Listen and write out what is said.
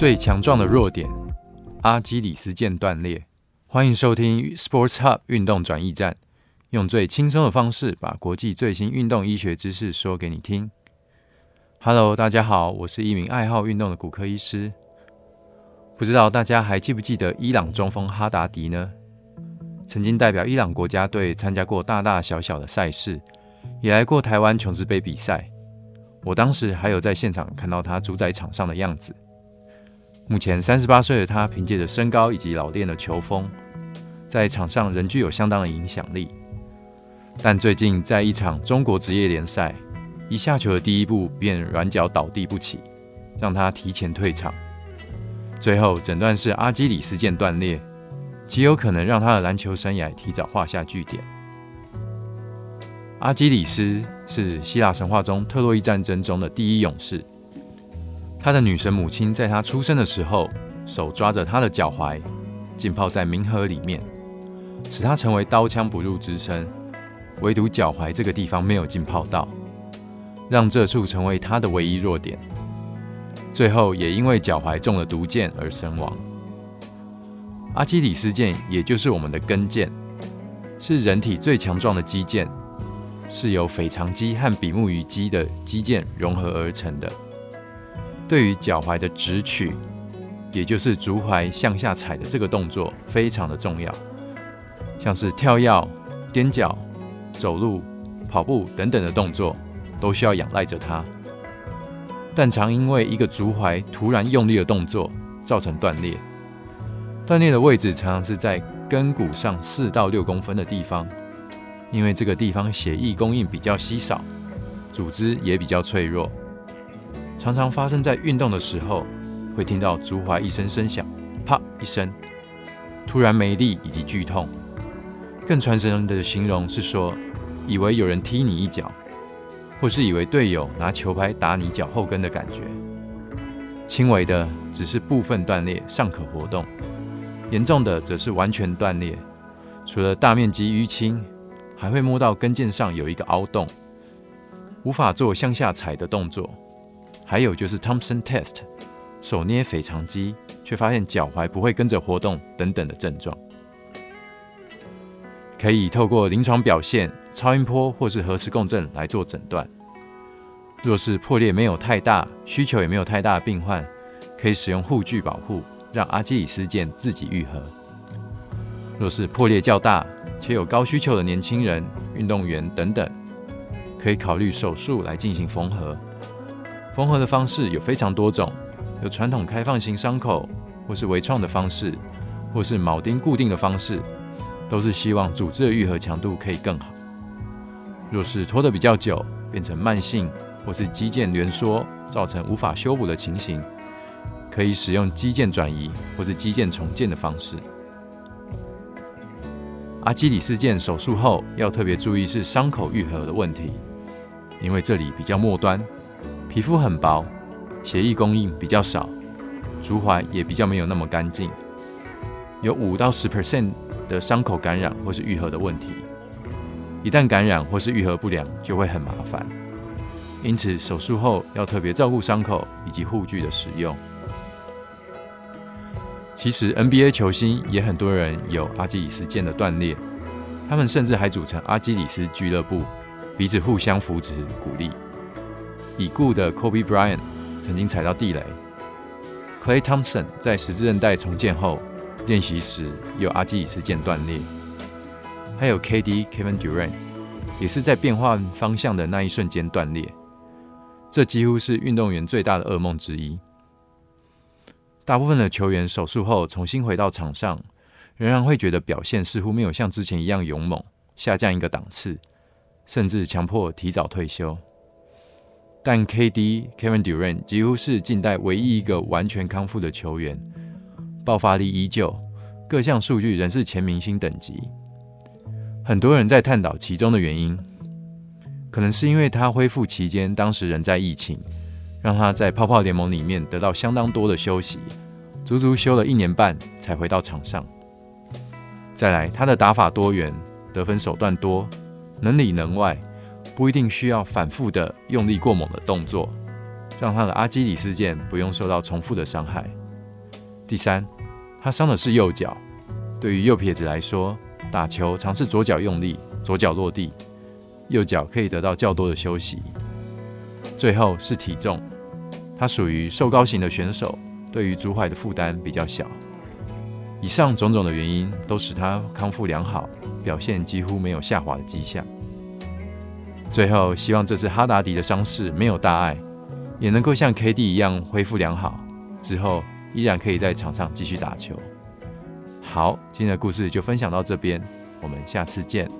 最強壯的弱點，阿基里斯腱斷裂。歡迎收聽 Sports Hub 運動轉驛站，用最輕鬆的方式把國際最新運動醫學知識說給你聽。Hello，大家好，我是一名愛好運動的骨科醫師。不知道大家還記不記得伊朗中鋒哈達迪呢？曾經代表伊朗國家隊參加過大大小小的賽事，也來過台灣瓊斯盃比賽。我當時還有在現場看到他主宰場上的樣子。目前三十八歲的他，憑借着身高以及老練的球風，在場上仍具有相當的影響力。但最近，在一場中國職業聯賽，一下球的第一步便軟腳倒地不起，讓他提前退場。最後診斷是阿基里斯腱斷裂，極有可能讓他的籃球生涯提早畫下句點。阿基里斯是希臘神話中特洛伊戰爭中的第一勇士。他的女神母親在他出生的時候，手抓着他的腳踝，浸泡在冥河裡面，使他成為刀槍不入之身，唯獨腳踝這個地方沒有浸泡到，讓這處成為他的唯一弱點。最後也因為腳踝中了毒箭而身亡。阿基里斯腱也就是我們的跟腱，是人體最強壯的肌腱，是由腓腸肌和比目魚肌的肌腱融合而成的。對於腳踝的蹠屈，也就是足踝向下踩的這個動作非常的重要，像是跳躍、踮腳、走路、跑步等等的動作都需要仰賴着它。但常因為一個足踝突然用力的動作造成斷裂，斷裂的位置常常是在跟骨上四到六公分的地方，因為這個地方血液供應比較稀少，組織也比較脆弱。常常發生在運動的時候，會聽到足踝一聲聲響，啪一聲，突然沒力以及劇痛。更傳神的形容是說，以為有人踢你一腳，或是以為隊友拿球拍打你腳後跟的感覺。輕微的只是部分斷裂，尚可活動；嚴重的則是完全斷裂，除了大面積淤青，還會摸到跟腱上有一個凹洞，無法做向下踩的動作。還有就是 Thompson Test，手捏腓腸肌，卻發現腳踝不會跟着活動等等的症狀，可以透過臨床表現、超音波或是核磁共振來做診斷。若是破裂沒有太大需求也沒有太大的病患，可以使用護具保護，讓阿基里斯腱自己愈合。若是破裂較大且有高需求的年輕人、運動員等等，可以考慮手術來進行縫合。縫合的方式有非常多種，有傳統開放型傷口，或是微創的方式，或是鉚釘固定的方式，都是希望組織的愈合強度可以更好。若是拖得比較久，變成慢性或是肌腱攣縮，造成無法修補的情形，可以使用肌腱轉移或是肌腱重建的方式。阿基里斯腱手術後要特別注意是傷口愈合的問題，因為這裡比較末端。皮膚很薄，血液供應比較少，足踝也比較沒有那麼乾淨，有五到十 percent 的傷口感染或是癒合的問題。一旦感染或是癒合不良，就會很麻煩。因此，手術後要特別照顧傷口以及護具的使用。其實，NBA 球星也很多人有阿基里斯腱的斷裂，他們甚至還組成阿基里斯俱樂部，彼此互相扶持鼓勵。已故的 Kobe Bryant 曾經踩到地雷，Klay Thompson 在十字韌帶重建後練習時，右阿基里斯腱斷裂，還有 KD Kevin Durant 也是在變換方向的那一瞬間斷裂，這幾乎是運動員最大的噩夢之一。大部分的球員手術後重新回到場上，仍然會覺得表現似乎沒有像之前一樣勇猛，下降一個檔次，甚至強迫提早退休。但 KD Kevin Durant 幾乎是近代唯一一個完全康復的球員，爆發力依舊，各項數據仍是全明星等級。很多人在探討其中的原因，可能是因為他恢復期間當時人在疫情，讓他在泡泡聯盟裡面得到相當多的休息，足足休了一年半才回到場上。再來，他的打法多元，得分手段多，能裡能外。不一定需要反覆的用力過猛的動作，讓他的阿基里斯腱不用受到重複的傷害。第三，他傷的是右腳，對於右撇子來說，打球嘗試左腳用力，左腳落地，右腳可以得到較多的休息。最後是體重，他屬於瘦高型的選手，對於足踝的負擔比較小。以上種種的原因都使他康復良好，表現幾乎沒有下滑的跡象。最後，希望這次哈達迪的傷勢沒有大礙，也能夠像 KD 一樣恢復良好，之後依然可以在場上繼續打球。好，今天的故事就分享到這邊，我們下次見。